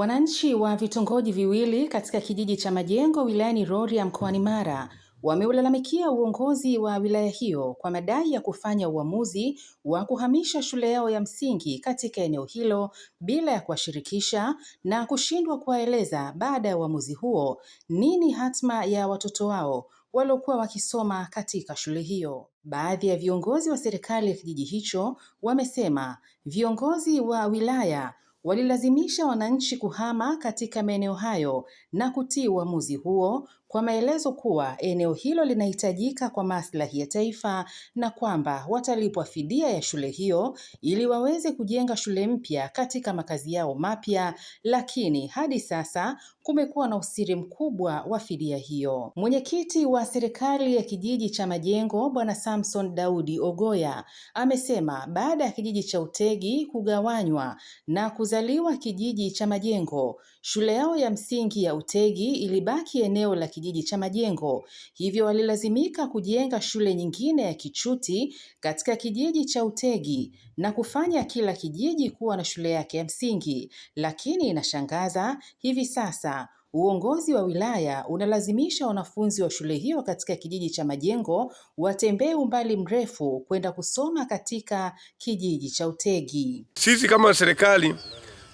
Wananchi wa vitongoji viwili katika kijiji cha Majengo wilayani Rorya mkoani Mara wameulalamikia uongozi wa wilaya hiyo kwa madai ya kufanya uamuzi wa kuhamisha shule yao ya msingi katika eneo hilo bila ya kuwashirikisha na kushindwa kuwaeleza baada ya uamuzi huo nini hatma ya watoto wao waliokuwa wakisoma katika shule hiyo. Baadhi ya viongozi wa serikali ya kijiji hicho wamesema viongozi wa wilaya walilazimisha wananchi kuhama katika maeneo hayo na kutii uamuzi huo kwa maelezo kuwa eneo hilo linahitajika kwa maslahi ya taifa na kwamba watalipwa fidia ya shule hiyo ili waweze kujenga shule mpya katika makazi yao mapya, lakini hadi sasa kumekuwa na usiri mkubwa wa fidia hiyo. Mwenyekiti wa serikali ya kijiji cha Majengo Bwana Samson Daudi Ogoya amesema baada ya kijiji cha Utegi kugawanywa na kuzaliwa kijiji cha Majengo, shule yao ya msingi ya Utegi ilibaki eneo la kijiji cha Majengo, hivyo walilazimika kujenga shule nyingine ya Kichuti katika kijiji cha Utegi na kufanya kila kijiji kuwa na shule yake ya msingi. Lakini inashangaza hivi sasa Uongozi wa wilaya unalazimisha wanafunzi wa shule hiyo katika kijiji cha Majengo watembee umbali mrefu kwenda kusoma katika kijiji cha Utegi. Sisi kama serikali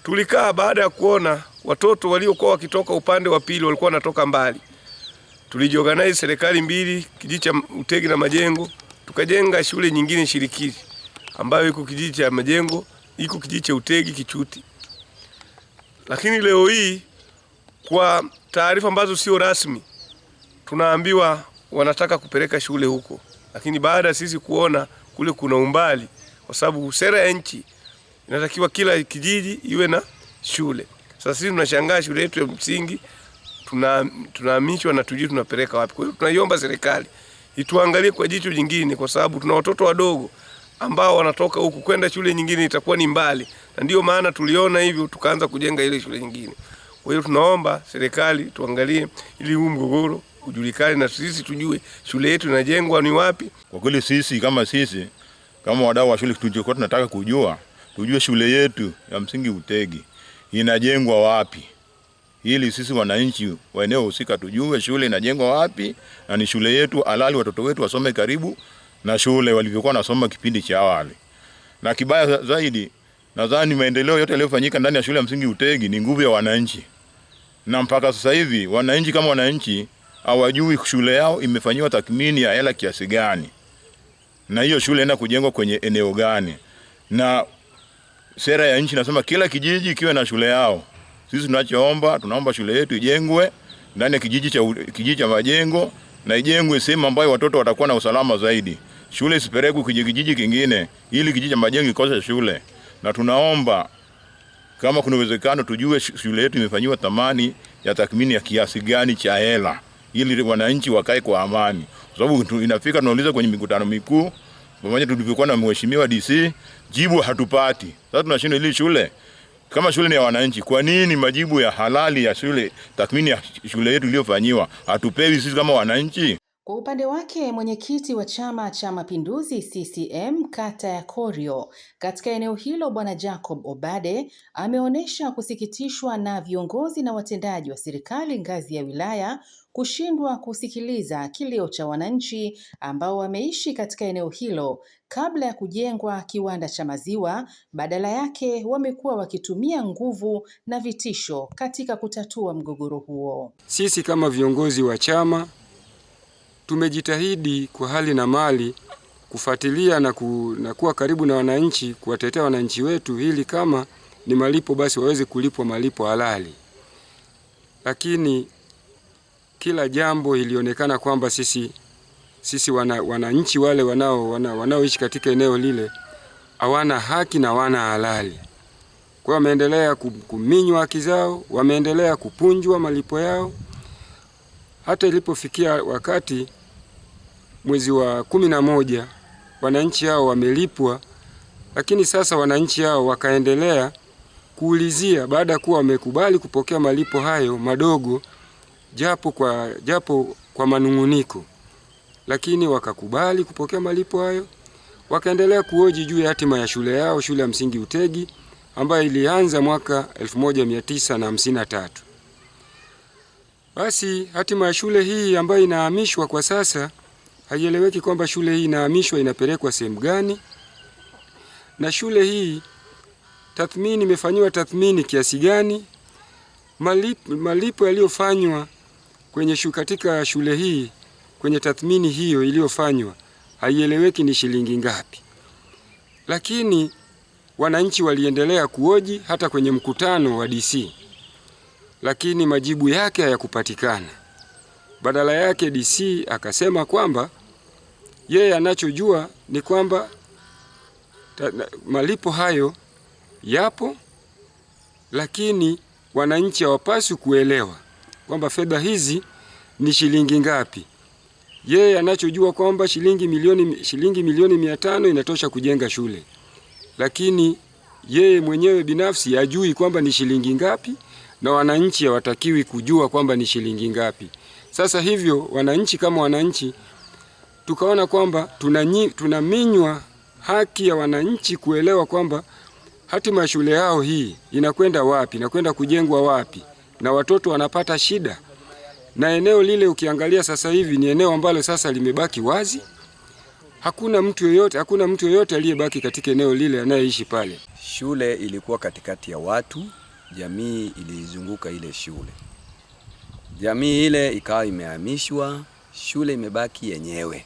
tulikaa baada ya kuona watoto waliokuwa wakitoka upande wa pili walikuwa wanatoka mbali. Tulijiorganize serikali mbili, kijiji cha Utegi na Majengo, tukajenga shule nyingine shirikishi ambayo iko kijiji cha Majengo, iko kijiji cha Utegi Kichuti. Lakini leo hii kwa taarifa ambazo sio rasmi, tunaambiwa wanataka kupeleka shule huko, lakini baada ya sisi kuona kule kuna umbali, kwa sababu sera ya nchi inatakiwa kila kijiji iwe na shule. Sasa sisi tunashangaa shule yetu ya msingi tunahamishwa na tujui tunapeleka wapi. Kwa hiyo tunaiomba serikali ituangalie kwa jicho jingine, kwa sababu tuna watoto wadogo ambao wanatoka huku kwenda shule nyingine itakuwa ni mbali, na ndio maana tuliona hivyo tukaanza kujenga ile shule nyingine. Kwa hiyo tunaomba serikali tuangalie, ili huu mgogoro ujulikane na sisi tujue shule yetu inajengwa ni wapi. Kwa kweli sisi kama sisi kama wadau wa shule tulikuwa tunataka kujua, tujue shule yetu ya msingi Utegi inajengwa wapi, ili sisi wananchi wa eneo husika tujue shule inajengwa wapi na ni shule yetu halali, watoto wetu wasome karibu na shule walivyokuwa nasoma kipindi cha awali. Na kibaya zaidi, nadhani maendeleo yote yaliyofanyika ndani ya shule ya msingi Utegi ni nguvu ya wananchi na mpaka sasa hivi wananchi kama wananchi hawajui shule yao imefanyiwa tathmini ya hela kiasi gani, na hiyo shule inaenda kujengwa kwenye eneo gani. Na sera ya nchi nasema kila kijiji kiwe na shule yao. Sisi tunachoomba, tunaomba shule yetu ijengwe ndani ya kijiji cha kijiji cha majengo na ijengwe sehemu ambayo watoto watakuwa na usalama zaidi. Shule isipelekwe kijiji kingine, ili kijiji cha majengo ikose shule, na tunaomba kama kuna uwezekano tujue shule yetu imefanyiwa thamani ya tathmini ya kiasi gani cha hela, ili wananchi wakae kwa amani, kwa sababu inafika tunauliza kwenye mikutano mikuu pamoja tulivyokuwa na mheshimiwa DC, jibu hatupati. Sasa tunashindwa ili shule kama shule ni ya wananchi, kwa nini majibu ya halali ya shule, tathmini ya shule yetu iliyofanyiwa hatupewi sisi kama wananchi? Kwa upande wake mwenyekiti wa Chama cha Mapinduzi CCM kata ya Korio katika eneo hilo Bwana Jacob Obade ameonyesha kusikitishwa na viongozi na watendaji wa serikali ngazi ya wilaya kushindwa kusikiliza kilio cha wananchi ambao wameishi katika eneo hilo kabla ya kujengwa kiwanda cha maziwa, badala yake wamekuwa wakitumia nguvu na vitisho katika kutatua mgogoro huo. Sisi kama viongozi wa chama tumejitahidi kwa hali na mali kufuatilia na, ku, na kuwa karibu na wananchi kuwatetea wananchi wetu, ili kama ni malipo basi waweze kulipwa malipo halali, lakini kila jambo ilionekana kwamba sisi, sisi wananchi wale wanaoishi wana, katika eneo lile hawana haki na wana halali. Kwa hiyo wameendelea kuminywa haki zao, wameendelea kupunjwa malipo yao hata ilipofikia wakati mwezi wa kumi na moja wananchi hao wamelipwa, lakini sasa wananchi hao wakaendelea kuulizia baada ya kuwa wamekubali kupokea malipo hayo madogo, japo kwa, japo kwa manung'uniko, lakini wakakubali kupokea malipo hayo, wakaendelea kuoji juu ya hatima ya shule yao, shule ya msingi Utegi ambayo ilianza mwaka 1953. Basi hatima ya shule hii ambayo inahamishwa kwa sasa haieleweki kwamba shule hii inahamishwa inapelekwa sehemu gani, na shule hii tathmini imefanyiwa tathmini kiasi gani, malipo yaliyofanywa kwenye shu katika shule hii kwenye tathmini hiyo iliyofanywa haieleweki ni shilingi ngapi. Lakini wananchi waliendelea kuoji hata kwenye mkutano wa DC, lakini majibu yake hayakupatikana. Badala yake DC akasema kwamba yeye anachojua ni kwamba malipo hayo yapo, lakini wananchi hawapaswi kuelewa kwamba fedha hizi ni shilingi ngapi. Yeye anachojua kwamba shilingi milioni shilingi milioni mia tano inatosha kujenga shule, lakini yeye mwenyewe binafsi ajui kwamba ni shilingi ngapi, na wananchi hawatakiwi kujua kwamba ni shilingi ngapi. Sasa hivyo wananchi kama wananchi tukaona kwamba tunaminywa haki ya wananchi kuelewa kwamba hatima ya shule yao hii inakwenda wapi, inakwenda kujengwa wapi, na watoto wanapata shida. Na eneo lile ukiangalia sasa hivi ni eneo ambalo sasa limebaki wazi, hakuna mtu yoyote, hakuna mtu yoyote aliyebaki katika eneo lile anayeishi pale. Shule ilikuwa katikati ya watu, jamii ilizunguka ile shule. Jamii ile ikawa imehamishwa, shule imebaki yenyewe,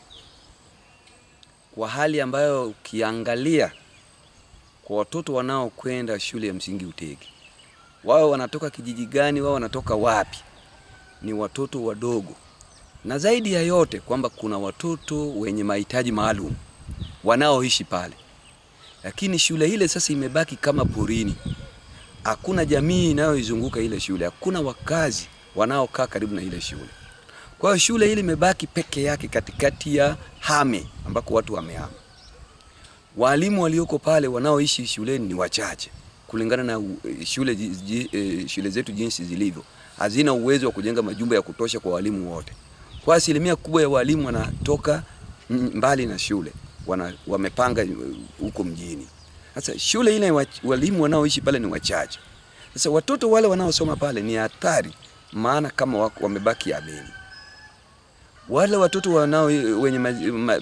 kwa hali ambayo ukiangalia kwa watoto wanaokwenda shule ya msingi Utegi, wao wanatoka kijiji gani? Wao wanatoka wapi? Ni watoto wadogo, na zaidi ya yote kwamba kuna watoto wenye mahitaji maalum wanaoishi pale, lakini shule ile sasa imebaki kama porini. Hakuna jamii inayoizunguka ile shule, hakuna wakazi wanaokaa karibu na ile shule. Kwa hiyo shule hili imebaki peke yake katikati ya hame ambako watu wamehama. Walimu walioko pale wanaoishi shuleni ni wachache kulingana na eh, shule, eh, shule zetu jinsi zilivyo, hazina uwezo wa kujenga majumba ya kutosha kwa walimu wote. Kwa asilimia kubwa ya walimu wanatoka mbali na shule wana, wamepanga eh, huko mjini. Sasa shule ile walimu wanaoishi pale ni wachache. Sasa watoto wale wanaosoma pale ni hatari maana kama wako wamebaki amini. Wale watoto wanao wenye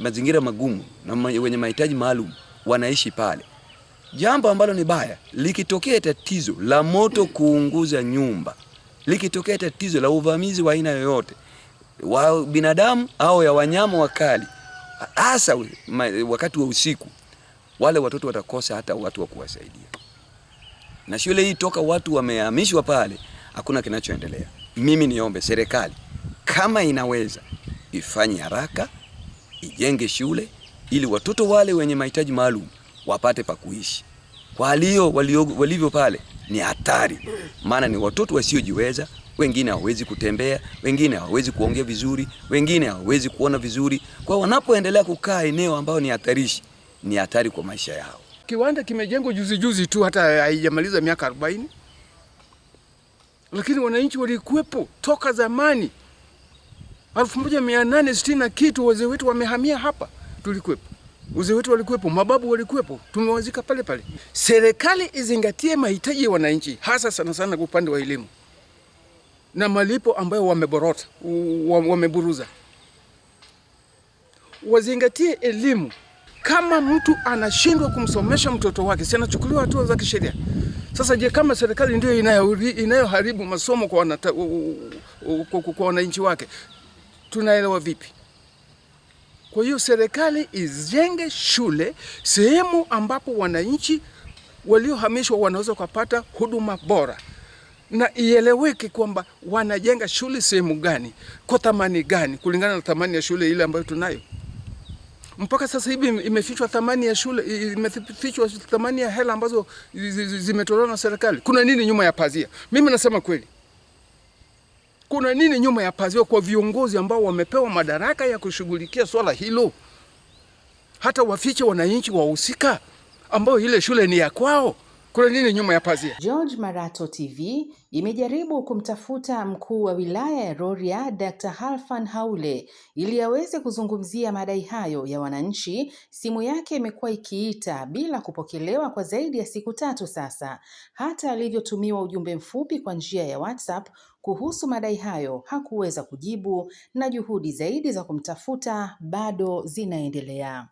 mazingira magumu na wenye mahitaji maalum wanaishi pale. Jambo ambalo ni baya, likitokea tatizo la moto kuunguza nyumba, likitokea tatizo la uvamizi wa aina yoyote wa binadamu au ya wanyama wakali, hasa wakati wa usiku, wale watoto watakosa hata watu wa kuwasaidia. Na shule hii toka watu wamehamishwa pale, hakuna kinachoendelea mimi niombe serikali kama inaweza ifanye haraka, ijenge shule ili watoto wale wenye mahitaji maalum wapate pa kuishi. kwa alio walivyo pale ni hatari, maana ni watoto wasiojiweza, wengine hawawezi kutembea, wengine hawawezi kuongea vizuri, wengine hawawezi kuona vizuri. Kwa wanapoendelea kukaa eneo ambayo ni hatarishi, ni hatari kwa maisha yao. Kiwanda kimejengwa juzi juzi tu, hata haijamaliza miaka arobaini lakini wananchi walikuwepo toka zamani, elfu moja mia nane sitini na kitu. Wazee wetu wamehamia hapa, tulikuwepo, wazee wetu walikuwepo, mababu walikuwepo, tumewazika pale pale. Serikali izingatie mahitaji ya wananchi, hasa sana sana kwa upande wa elimu na malipo ambayo wameborota, wameburuza. Wazingatie elimu. Kama mtu anashindwa kumsomesha mtoto wake, si anachukuliwa hatua za kisheria? Sasa je, kama serikali ndio inayoharibu masomo kwa wananchi wake tunaelewa vipi? Kwa hiyo serikali izenge shule sehemu ambapo wananchi waliohamishwa wanaweza kupata huduma bora, na ieleweke kwamba wanajenga shule sehemu gani, kwa thamani gani, kulingana na thamani ya shule ile ambayo tunayo mpaka sasa hivi imefichwa thamani ya shule, imefichwa thamani ya hela ambazo zimetolewa na serikali. Kuna nini nyuma ya pazia? Mimi nasema kweli, kuna nini nyuma ya pazia kwa viongozi ambao wamepewa madaraka ya kushughulikia swala hilo, hata wafiche wananchi wahusika ambao ile shule ni ya kwao. Kuna nini nyuma ya pazia? George Marato TV imejaribu kumtafuta mkuu wa wilaya ya Rorya Dr. Halfan Haule ili aweze kuzungumzia madai hayo ya wananchi. Simu yake imekuwa ikiita bila kupokelewa kwa zaidi ya siku tatu sasa. Hata alivyotumiwa ujumbe mfupi kwa njia ya WhatsApp kuhusu madai hayo hakuweza kujibu, na juhudi zaidi za kumtafuta bado zinaendelea.